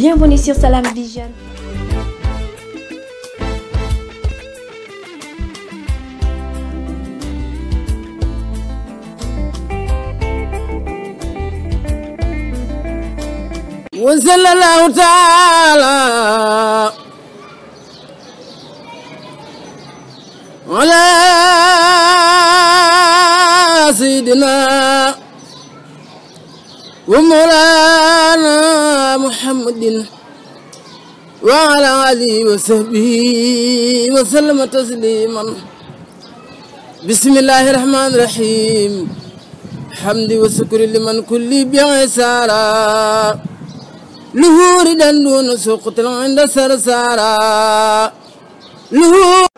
Bienvenue sur Salam Vision. وصلى الله تعالى على سيدنا ومولانا محمد وعلى آله وصحبه وسلم تسليما بسم الله الرحمن الرحيم حمد وشكر لمن كل بعسارا لهور دون سقط عند سرسارا لهور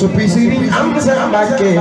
suppi Sëriñ Amsa Mbàkke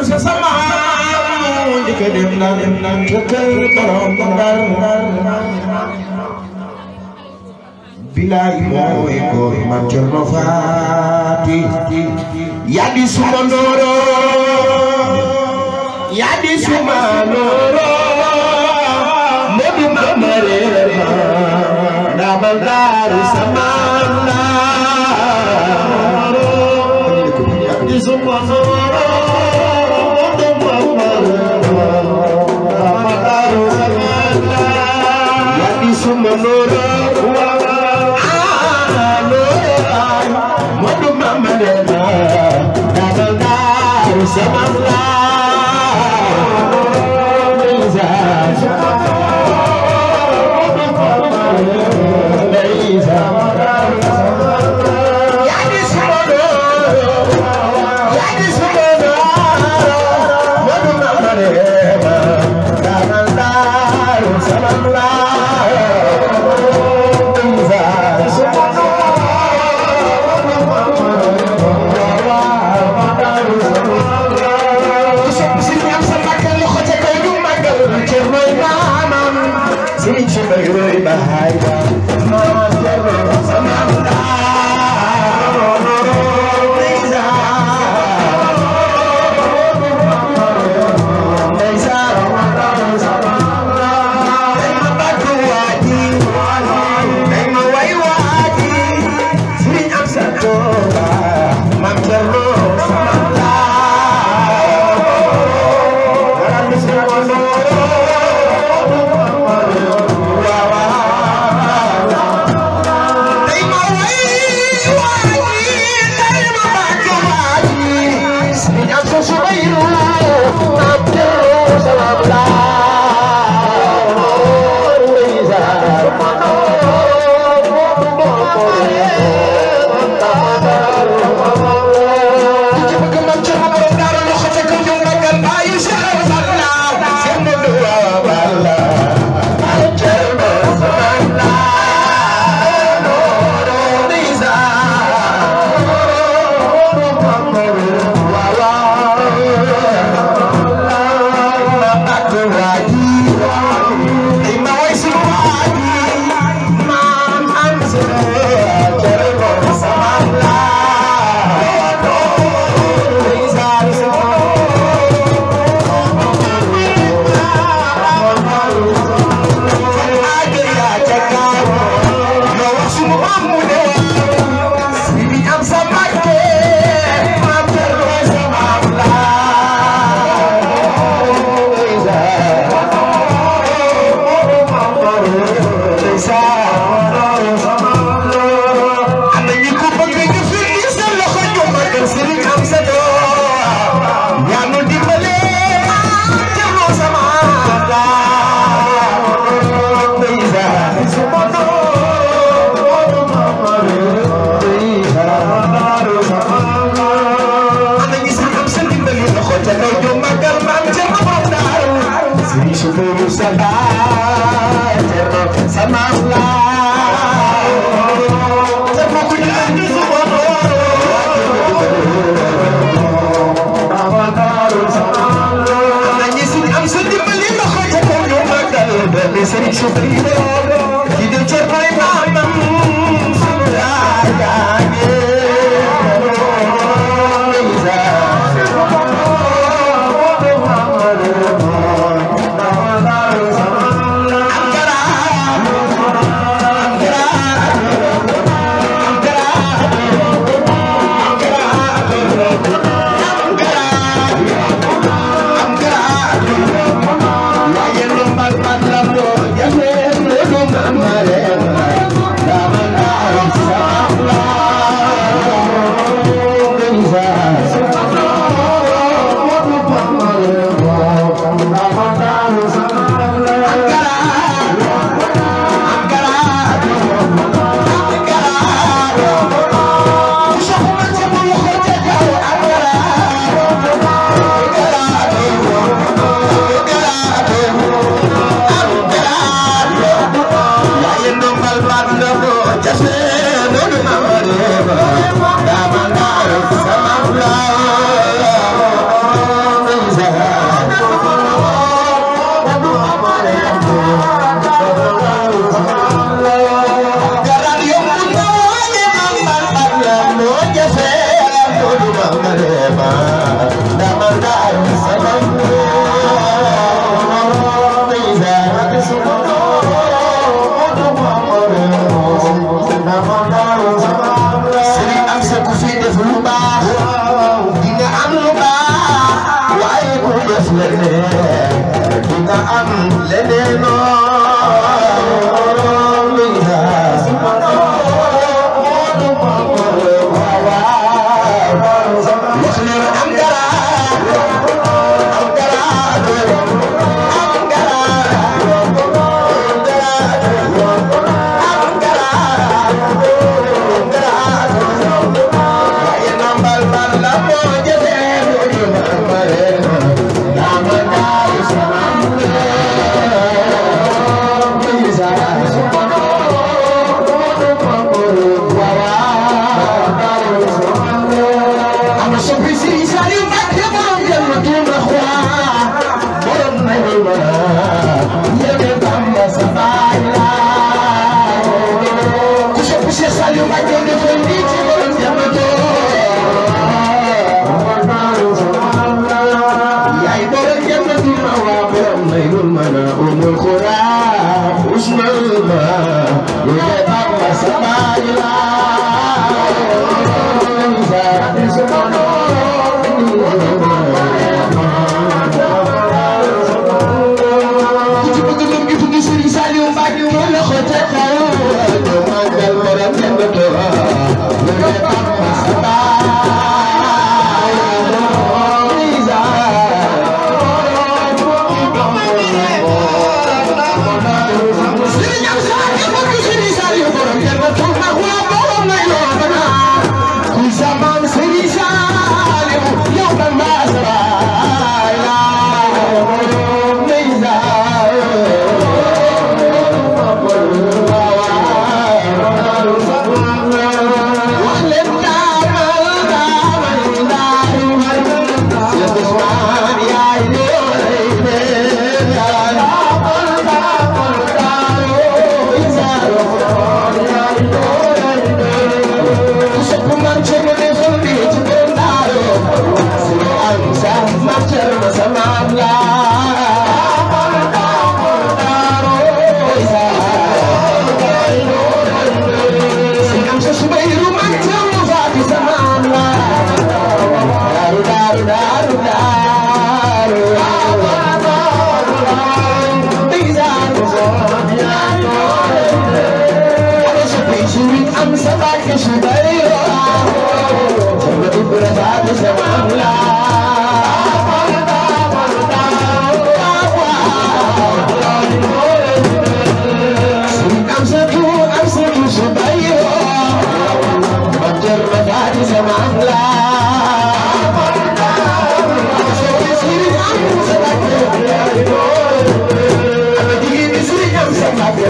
dem sa sama njëkk dem na dem na ca kër borom ndar bilaay mooy ko ma cerno faati yaa di suma nooro yaa di suma nooro ne bi ma ma reer ma daabal daaru sama naa yaa di suma nooro Sama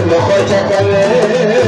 loxo ca kaw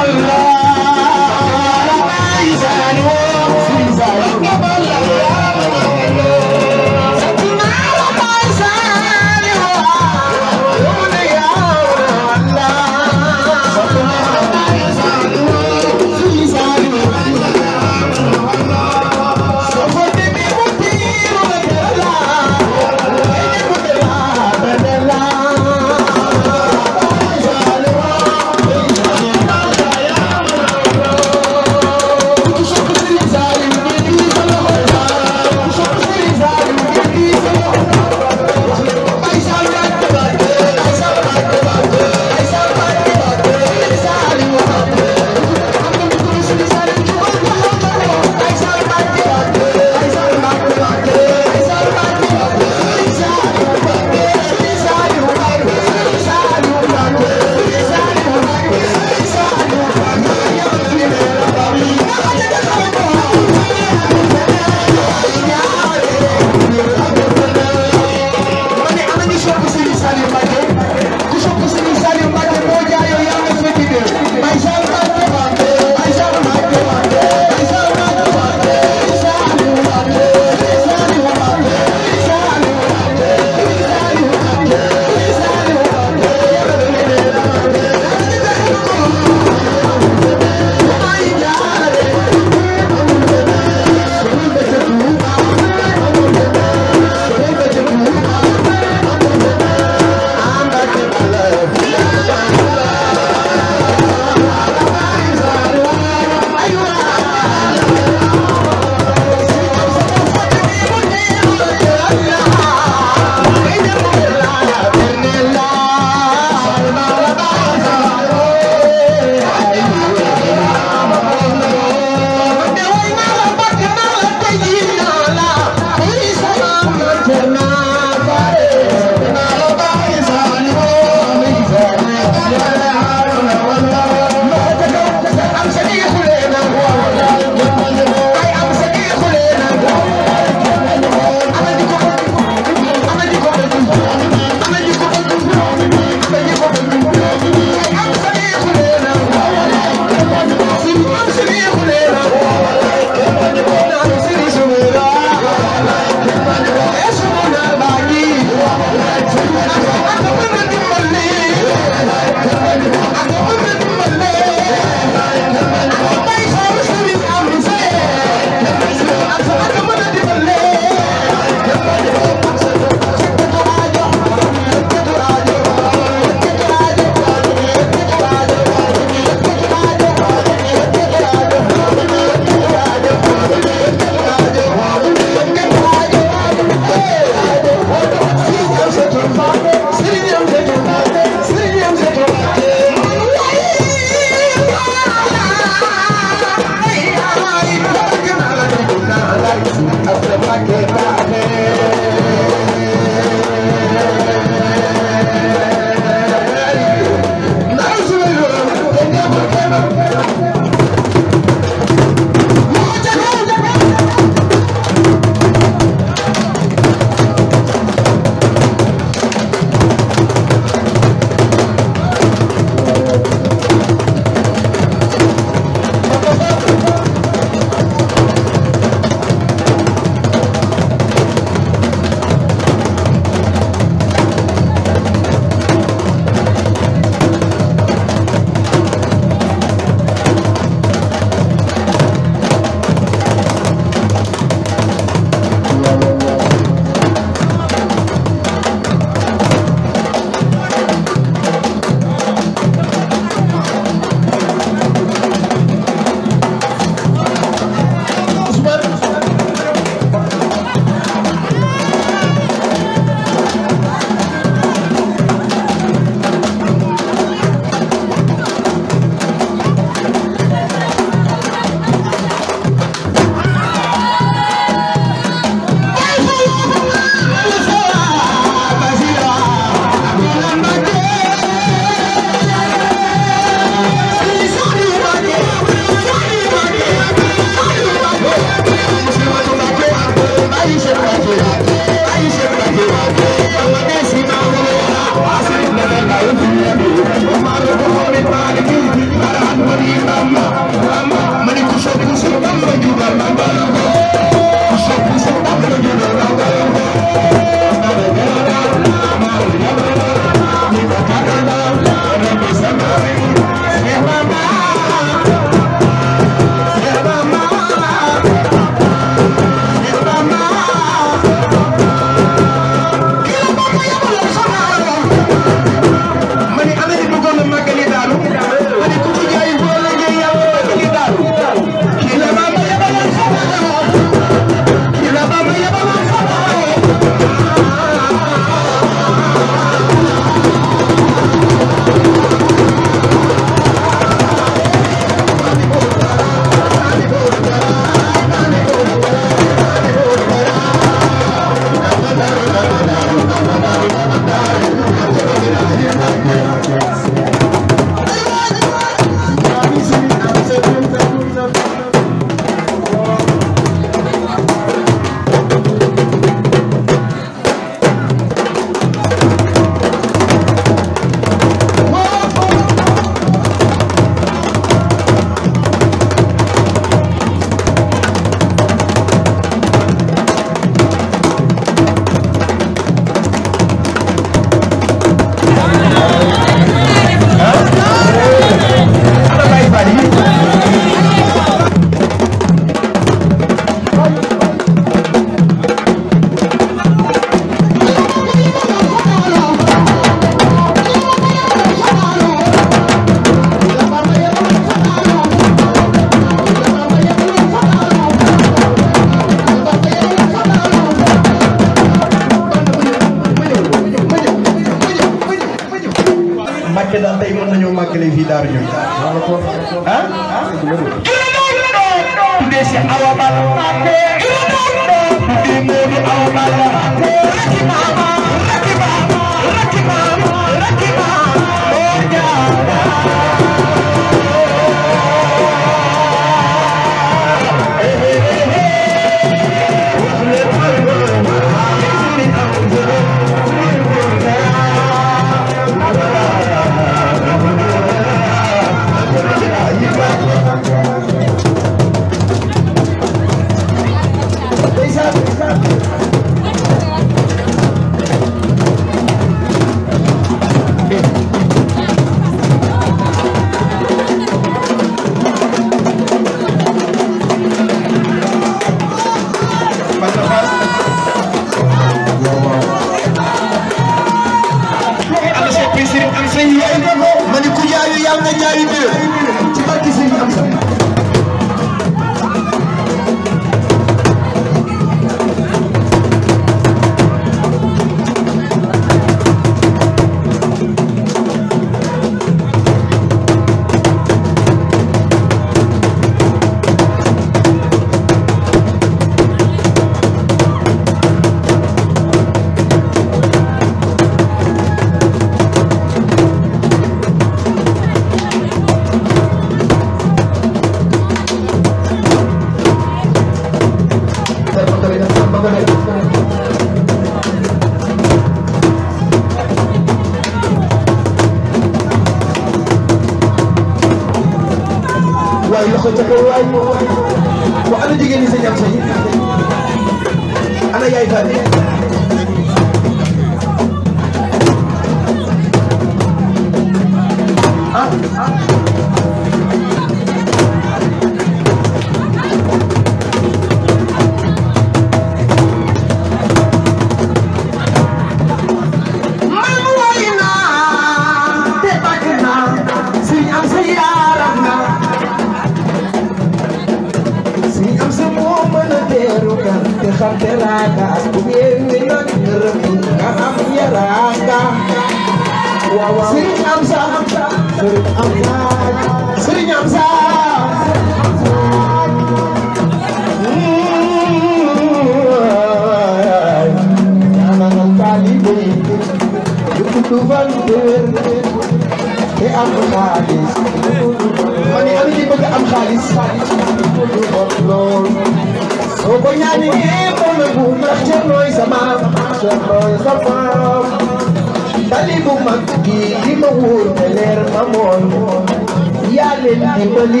yaa leen dimbali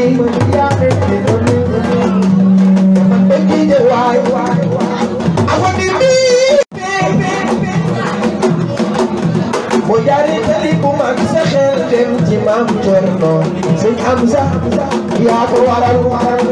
yaa leen dimbali bëgg de waay waay agondi bi mo jaari tali bu mag sa xel dem ci maam Cerno sëñ am sax yaa ko waral waral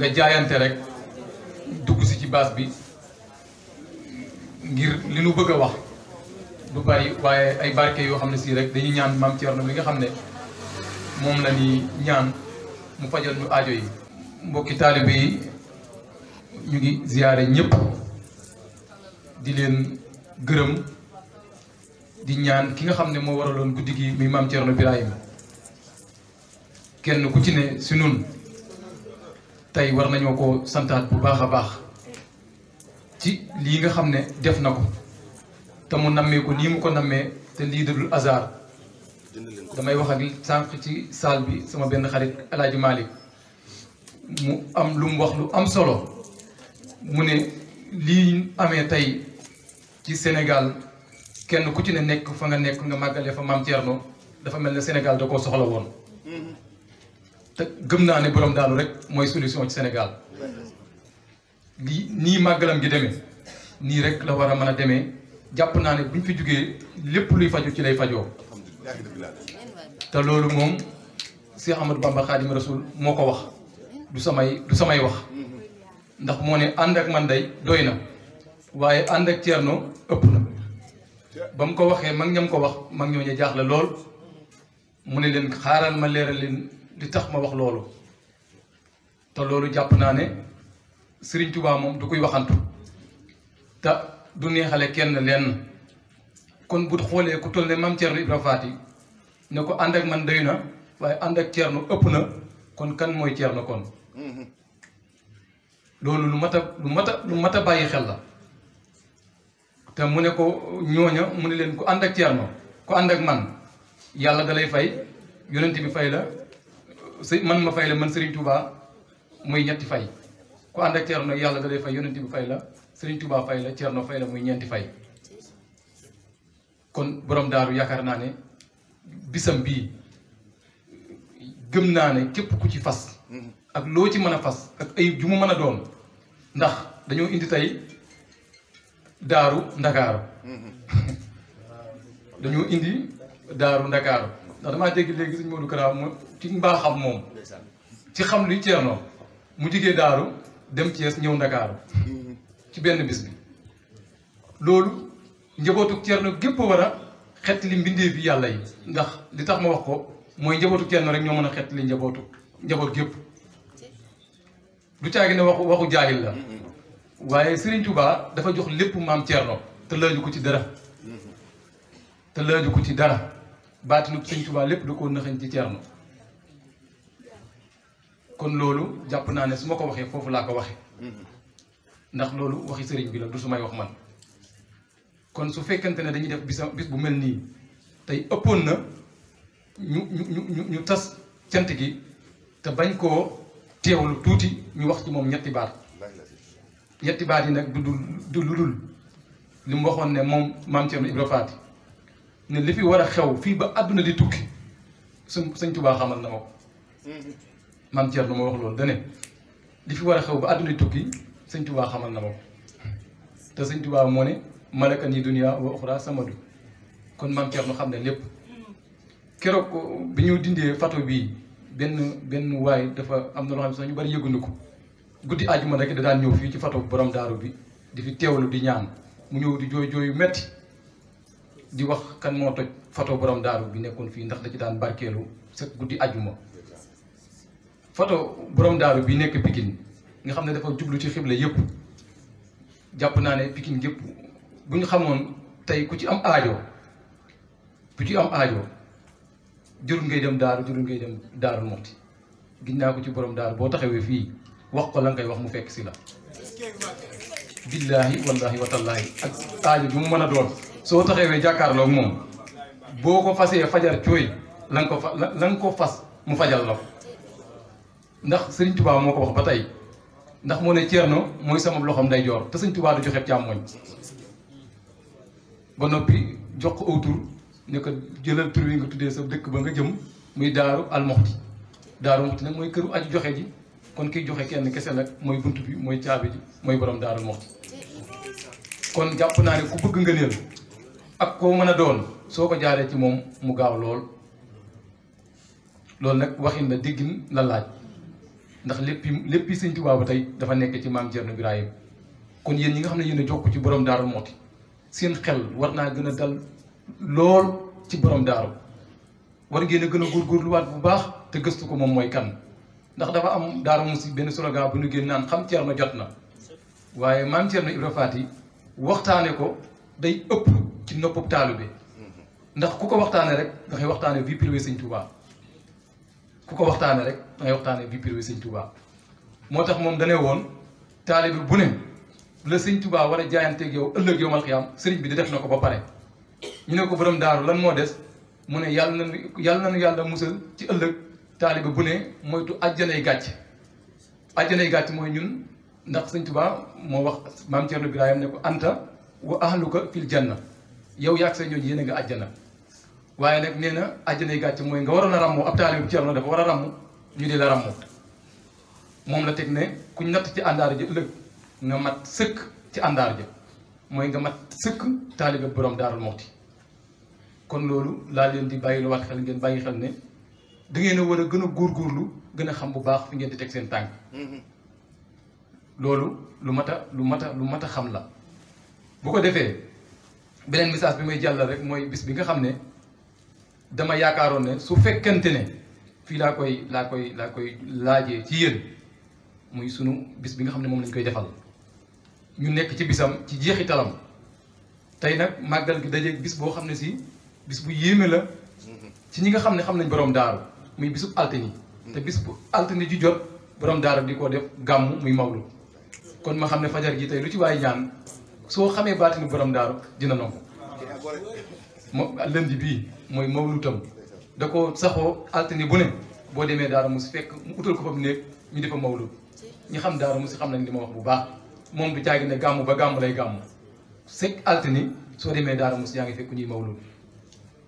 nga jaayante rek dugg si ci baas bi ngir li nu bëgg a wax du bari waaye ay barke yoo xam ne sii rek dañuy ñaan maam Thierno li nga xam ne moom la ñuy ñaan mu fajal ñu ajo yi. mbokki taalibe yi ñu ngi ziyaare ñépp di leen gërëm di ñaan ki nga xam ne moo waraloon guddi gi muy maam Thierno Birahim kenn ku ci ne si nun tey war nañoo ko santaat bu baax a baax ci lii nga xam ne def na ko te mu nammee ko nii mu ko nammee te lii dadul hasard damay wax ak sànq ci saal bi sama benn xarit El Hadj Malick mu am lu mu wax lu am solo mu ne lii amee tey ci Sénégal kenn ku ci ne nekk fa nga nekk nga màggalee fa maam Thierno dafa mel ne Sénégal da koo soxla woon. Mm-hmm. te gëm naa ne borom daalu rek mooy solution ci Sénégal lii nii màggalam gi demee nii rek la war a mën a demee jàpp naa ne buñ fi jugee lépp luy faju ci lay fajoo te loolu moom Cheikh Ahmadou Bamba Khadim Rasoul moo ko wax du samay du samay wax ndax moo ne ànd ak man day doy na waaye ànd ak Thierno ëpp na ba mu ko waxee mag ñam ko wax mag ñooñu jaaxle lool mu ne leen xaaral ma leeral leen di tax ma wax loolu te loolu jàpp naa ne Serigne Touba moom du koy waxantu te du neexale kenn lenn kon bu xoolee ku toll ne maam Thierno Ibrahima Fati ne ko ànd ak man day na waaye ànd ak Thierno ëpp na kon kan mooy Thierno kon mm-hmm. loolu lu mat a lu mat a lu mat a bàyyi xel la te mu ne ko ñooña mu ne leen ku ànd ak Thierno ku ànd ak man yàlla dalay fay yonent bi fay la sëñ man ma fay la man Serigne Touba mooy ñetti fay ku ànd ak Thierno yàlla da lay fay yonent bi fay la Serigne Touba fay la Thierno fay la muy ñeenti fay kon boroom daaru yaakaar naa ne bisam bii gëm naa ne képp ku ci fas ak loo ci mën a fas ak ay ju mu a doon ndax dañoo indi tey daaru ndakaar dañoo indi daaru ndakaaru ndax damaa dégg léegi suñu Modou Kara ci mbaaxam moom ci xam lu luy Ceerno mu jigee daaru dem Thiès ñëw Ndakaaru ci benn bis loolu loolu njabootu Ceerno gépp war a xett li mbindee bi yàlla yi ndax li tax ma wax ko mooy njabootu Ceerno rek ñoo mën a xett li njabootu njaboot gépp du caagi ne waxu waxu jaahil la waaye Serigne Touba dafa jox lépp maam Ceerno te laaju ko ci dara te laaju ko ci dara baatinu Serigne Touba lépp da koo naxañ ci Ceerno kon loolu jàpp naa ne su ma ko waxee foofu laa ko waxee ndax loolu waxi sëriñ bi la du su may wax man kon su fekkante ne dañuy def bis bis bu mel nii tey ëppoon na ñu ñu ñu ñu tas cant gi te bañ koo teewlu tuuti ñu wax ci moom ñetti baat ñetti baat yi nag du du lu dul li mu waxoon ne moom maam Thierno Ibra Faati ne li fi war a xew fii ba àdduna di tukki suñ Sëñ Tuubaa xamal na ma ko maam Thierno ma wax loolu dane li fi war a xew ba àdduna tukki sëñ Tuubaa xamal na ma ko te sëñ Tuubaa moo ne malaka ni dunya wa uxra samadu kon maam Thierno xam ne lépp keroog bi ñu dindee fato bii benn benn waay dafa am na loo xam ne sax ñu bari yëgunu ko guddi àjjuma rek da daan ñëw fii ci fato borom daaru bi di fi teewlu di ñaan mu ñëw di jooy jooy yu metti di wax kan moo toj fato borom daaru bi nekkoon fii ndax da daan barkeelu sa guddi àjjuma photo borom daaru bi nekk pikin nga xam ne dafa jublu ci xibla yëpp jàpp naa ne pikin yépp bu ñu xamoon tey ku ci am aajo ku ci am aajo jërul ngay dem daaru jërul ngay dem daaru moxti gin naa ko ci borom daaru boo taxawee fii wax ko la kay wax mu fekk si la billaahi wallaahi watallaahi ak aajo bi mu mën a doon soo taxawee jàkkaarloog moom boo ko fasee fajar cooy la nga ko fa la ko fas mu fajal la ko ndax Serigne Touba moo ko wax ba tey ndax moo ne Thierno mooy sama loxoom day joor te Serigne Touba du joxe càmmoñ ba noppi jox ko aw tur ne ko jëlal tur wi nga tuddee sa dëkk ba nga jëm muy Daaru Almoxti Daaru Moxti nag mooy këru aju joxe ji kon kiy joxe kenn kese nag mooy bunt bi mooy caabi ji mooy borom Daaru Moxti kon jàpp naa ne ku bëgg nga neel ak koo mën a doon soo ko jaaree ci moom mu gaaw lool loolu nag waxin la déggin la laaj. ndax lépp léppi sëñ Tuubaa ba tey dafa nekk ci maam Cerno Birahim kon yéen ñi nga xam ne yéen a jokk ci borom daaru Mooti seen xel war naa gën a dal lool ci borom daaru war ngeen a gën a góorgóorluwaat bu baax te gëstu ko moom mooy kan ndax dafa am daaru mu si benn slogan bu ñu génn naan xam na jot na waaye maam Cerno Ibra Faati waxtaane ko day ëpp ci noppub taalu bi mm-hmm. ndax ku ko waxtaane rek dangay waxtaane vie privée sëñ Tuubaa ku ko waxtaanee rek dangay waxtaane vie privée sañ tubaa moo tax moom dane woon taalibi bu ne la sëñ tubaa war a jaayanteeg yow ëllëg yow mal sëriñ bi di def na ko ba pare ñu ne ko borom daaru lan moo des mu ne yàlla na yàlla nañu yàlla musal ci ëllëg taalibi bu ne moytu àjjanay gàcc àjjanay gàcc mooy ñun ndax sëñ tubaa moo wax maam Thierno Birahim ne ko anta wa ahluka fil janna yow yaag sa ñooñu yéen a nga àjjana waaye nag nee na àjjanay gàcc mooy nga war a ràmmu ab taalib Ceerno dafa war a ràmmu ñu di la ràmmu moom la teg ne ku natt ci àndaar ji ëllëg nga mat sëkk ci àndaar ja mooy nga mat sëkk taalibe borom daarul moxti kon loolu laa leen di bàyyi lu waat xel ngeen bàyyi xel ne di ngeen a war a gën a lu gën a xam bu baax fi ngeen di teg seen tànk loolu lu mat a lu mat a lu mat a xam la bu ko defee beneen message bi may jàll rek mooy bi nga xam ne dama yaakaaroon ne su fekkante ne fii laa koy laa koy laa koy laajee ci yéen muy sunu bis bi nga xam ne moom lañ koy defal ñu nekk ci bisam ci jeexitalam tey nag màggal gi dajeeg bis boo xam ne si bis bu yéeme la ci ñi nga xam ne xam nañ borom daaru muy bisub altine te bis bu altine ju jot borom daaru di ko def gàmm muy mawlu kon ma xam ne fajar gi tey lu ci waay ñaan soo xamee baatinu borom daaru dina nangu mo lënd bii mooy mawlutam da ko saxoo altine bu ne boo demee Daara Moussi fekk mu utal ko fa mu nekk ñu defa mawlut ñi xam mu Moussi xam nañ li ma wax bu baax moom du jàgg ne gàmmu ba gàmm lay gàmm sekk altine soo demee Daara Moussi yaa ngi fekk ñuy mawlut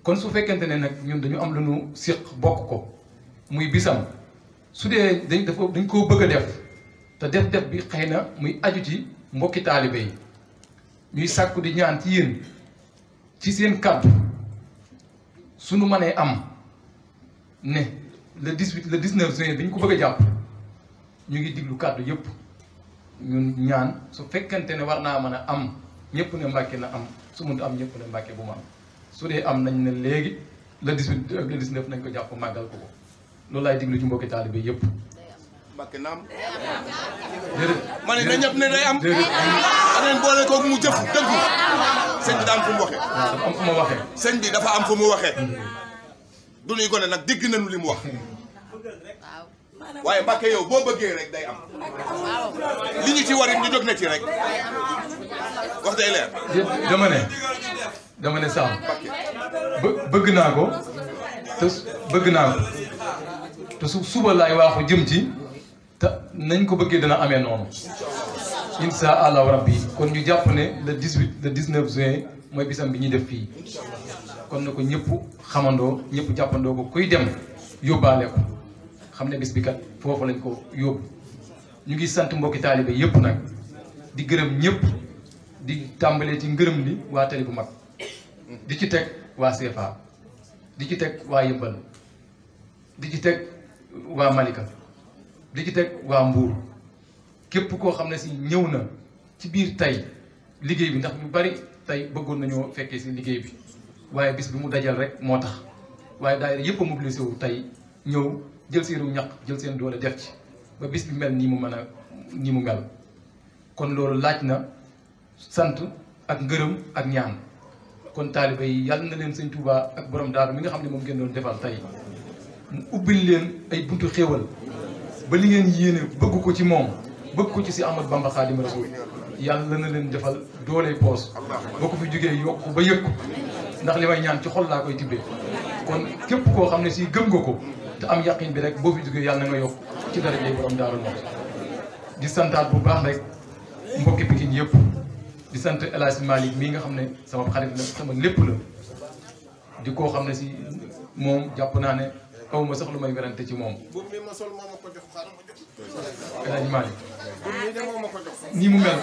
kon su fekkente ne nag ñun dañu am lu ñu siq bokk ko muy bisam su dee dañ dafa dañ koo bëgg a def te def-def bi xëy na muy aju ci mbokki taalibe yi ñuy sàkku di ñaan ci yéen ci seen kàddu suñu manee am ne le 18 le 19 juin bi ñu ko bëgg jàpp ñu ngi diglu kàddu yëpp ñun ñaan su fekkante ne war naa man a am ñëpp ne Mbàkke na am su mënut am ñëpp ne Mbàkke bu ma su dee am nañ ne léegi le 18 le 19 nañ ko jàpp màggal ko ko loolu laay diglu ci mbokki taalibe yëpp. Mbàkke naam. ma ne na ñëpp ne day am. aneen boole kooku mu jëf dëggu. sëñ bi daa am fu mu waxee. am fu mu waxee. sëñ bi dafa am fu mu waxee. Mm-hmm. du nuy gone nag dégg nañu li mu wax. waaye Mbàkke yow boo bëggee rek day am. li ñu ci warit ñu jóg na ci rek. wax day leer. dama ne dama ne Sam. bëgg naa ko te bëgg naa ko te su suba laay waaxu jëm ci. te nañ ko bëggee dana amee noonu insha allahu rabbi kon ñu jàpp ne le 18 le 19 juin mooy bisam bi ñuy def fii kon na ko ñëpp xamandoo ñëpp jàppandoo ko kuy dem yóbbaale ko xam ne bis kat foofu lañ ko yóbbu ñu ngi sant mbokki taalibe yëpp nag di gërëm ñëpp di tàmbalee ci ngërëm li waa tali bu mag di ci teg waa CFA di ci teg waa Yëmbal di ci teg waa Malika di ci teg waa mbuur képp koo xam ne si ñëw na ci biir tey liggéey bi ndax mu bari tey bëggoon nañoo fekkee si liggéey bi waaye bis bi mu dajal rek moo tax waaye daayira yëpp a mobilisé wu tey ñëw jël seenu ñaq jël seen doole def ci ba bis bi mel nii mu mën a nii mu mel kon loolu laaj na sant ak ngërëm ak ñaan kon taaliba yi yàlla na leen sëñ Touba ak boroom daaru mi nga xam ne moom ngeen doon defal tey mu ubbil leen ay buntu xéewal ba li ngeen yéene bëgg ko ci moom bëgg ko ci si Ahmad Bamba Xaadimu Rasuul yàlla na leen defal dooley poos boo ko fi jógee yokku ba yëg ko ndax li may ñaan ci xol laa koy tibbee kon képp koo xam ne si gëm nga ko te am yaqin bi rek boo fi jógee yàlla na nga yokk ci darajey borom daaru moom di santaat bu baax rek mbokki Pikine yëpp di sant El Hadj Malick mii nga xam ne sama xarit la sama lépp la di koo xam ne si moom jàpp naa ne xaw ma sax lu may werante ci moom. ma sol moo ma ko jox xaaral ma jox ko. El Hadj Malick. nii mu mel.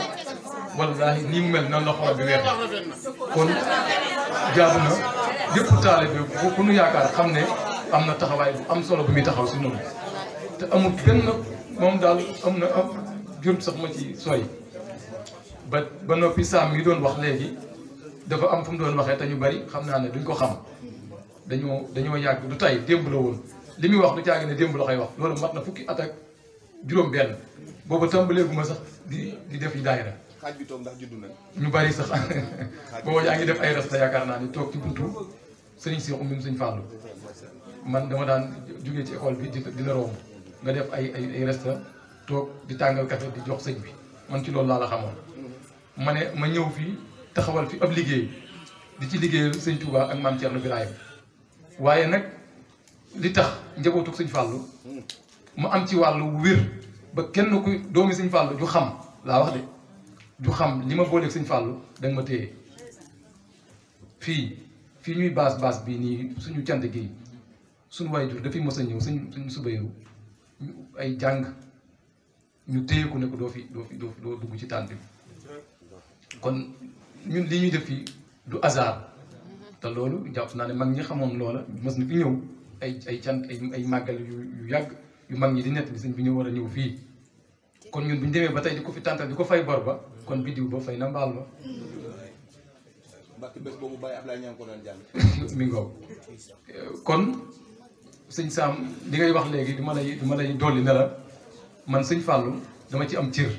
wallaahi nii mu mel nan la xol bi na yëpp taalibe xam ne am na taxawaay bu am solo bu muy taxaw si noonu te amul benn moom daal am na am jur sax ma ci sooy ba ba noppi saam yi doon wax léegi dafa am fu mu doon waxee te ñu bari xam naa ne duñ ko xam. dañoo dañoo yàgg du tay démb la woon li muy wax lu caagi ne démb la koy wax loolu mat na fukki at ak juróom benn boobu tàmbaleeguma sax di di def yi daayira xaaj bi toog ndax juddu na ñu bari sax boobu yaa ngi def ay rasta yaakaar naa ni toog ci buntu sëriñ Seexu mi sëñ Fallou man dama daan jógee ci école bi di la romb nga def ay ay ay resta toog di tàngal café di jox sëñ bi man ci loolu laa la xamoon mhm. ma ne ma ñëw fii taxawal fi ab liggéey di ci liggéeyal sëñ Touba ak maam Thierno Birahim waaye nag li tax njabootu sëñ fàllu mu am ci wàllu wér ba kenn ku doomi sëñ fàllu ju xam laa wax de ju xam li ma booleeg sëñ fàllu danga ma téye fii fii ñuy baas baas bii nii suñu cant gi suñu waajur dafay mos a ñëw suñ suñu subayewu ay jàng ñu téye ko ne ko doo fi doo fi doo dugg ci tànt bi kon ñun li ñuy def fii du hasard te loolu jàpp naa ne mag ñi xamoon loola mës na bi ñëw ay ay cant ay ay màggal yu yu yàgg yu mag ñi di nett bi sëñ bi ñu war a ñëw fii kon ñun bu ñu demee ba tey di ko fi tàntal di ko fay bor ba kon biddiw ba fay na mbaal ba mbàkk bés boobu bàyyi Ablaye ñaa ngi ko doon jàng mi ngoo kon sëñ Saam li ngay wax léegi du ma lay du ma lay dolli ne la man sëñ Fallou dama ci am cir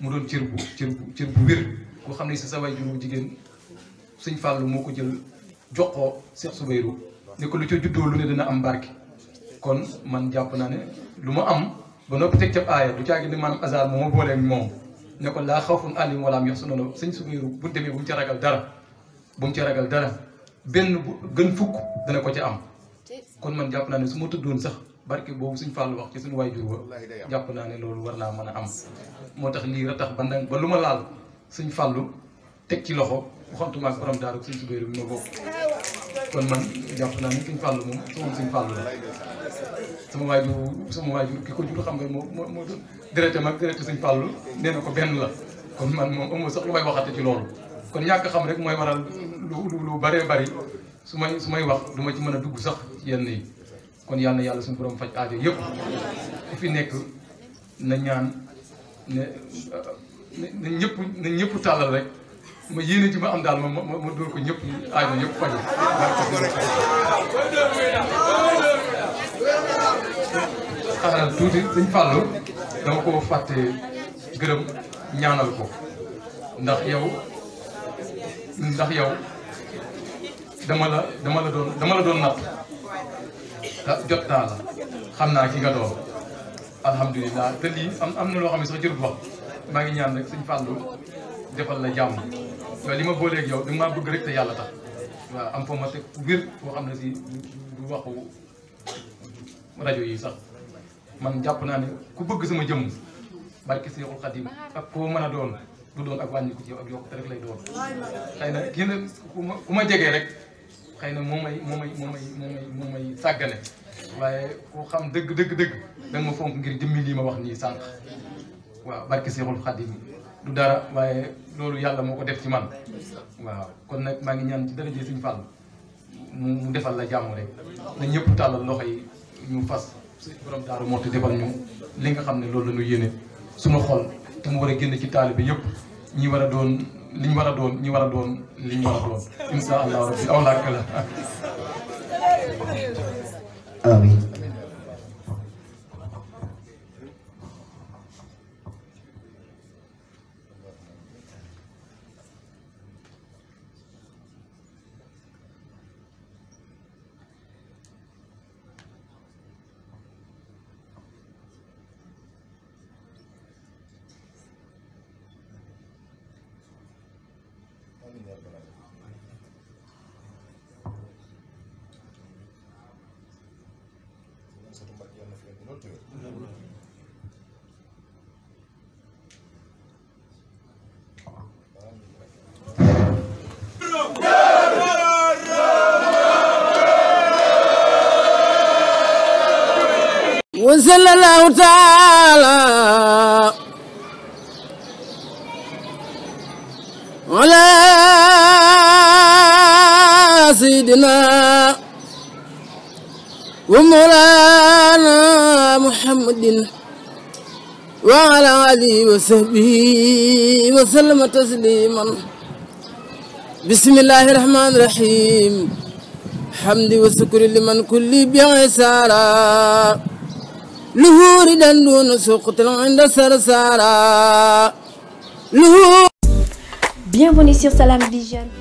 mu doon cir bu cër bu cër bu wér koo xam ne si sa waajur jigéen suñ Fallou moo ko jël jox ko Cheikh Soubeyru ne ko lu ca juddoo lu ne dina am barki kon man jàpp naa ne lu ma am ba noppi teg ca aaya du caagi ne maanaam hasard moo ma moom ne ko laa xawfun alim wala am yox su noonu sëñ Soubeyru bu demee bu mu ragal dara bu ci ragal dara benn bu gën fukk dana ko ci am kon man jàpp naa ne su ma tuddoon sax barke boobu suñ fàllu wax ci suñu waajur ba jàpp naa ne loolu war naa mën a am moo tax lii ra tax ba ndang ba lu ma laal suñ fàllu teg ci loxo waxantuma ak borom daaru suñ subéeru bi ma bokk kon man jàpp naa ni suñ fàllu moom sama suñ fàllu la sama waajur sama waajur ki ko jur xam nga moo moo moo dërëte mag dërëte suñ fàllu nee ko benn la kon man moom amoo sax lu may waxate ci loolu kon ñàkk xam rek mooy waral lu lu baree bëri su may su may wax du ma ci mën a dugg sax ci yenn yi kon yal na yàlla suñu borom faj aajo yëpp ku fi nekk na ñaan ne euh, na ñëpp na ñëpp tàllal rek ma yéene ji ma am daal ma ma ma dóor ko ñëpp aay na ñëpp faj xanaa ah, tuuti sëñ Fallou dama ko fàtte gërëm ñaanal ko ndax yow ndax yow dama la dama la doon dama la doon ah, jot naa xam naa ki nga doon alhamdulilah te lii am am na loo xam ne sax jërëjëf wax maa ngi ñaan rek sëñ Fallou defal la jàmm waaw li ma booleeg yow da maa bëgg rek te yàlla tax waaw am fa ma teg wér boo xam ne si du waxu rajo yi sax man jàpp naa ne ku bëgg sama jëmm barki Seexul Xadim ak koo mën a doon du doon ak wàññi ko ci yow ak xëy na kii ma ku ma jegee rek xëy na moo may moo may moo may moo may waaye ku xam dëgg dëgg dëgg da ma fonk ngir jëmmi lii ma wax nii sànq waaw barki Seexul Xadim du dara waaye loolu yàlla moo ko def ci man waaw kon nag maa ngi ñaan ci daraja Sëñ Fall mu defal la jàmm rek na ñëpp tàllal loxo yi ñu fas si borom daaru moo te defal ñu li nga xam ne loolu la ñu yéene sunu xol te mu war a génn ci taalibe yëpp ñi war a doon li ñu war a doon ñu war a doon li ñu war a doon insha allah rabbi awlaaka la fi nekk loolu tamit. وانزل الله تعالى alihi wa sahbihi wa sallama tasliman bismillahi rahmani rahim hamdi wa sukri liman kulli biisara luhuuri dan duna suqtil inda sarsara Bienvenue sur Salam Vision.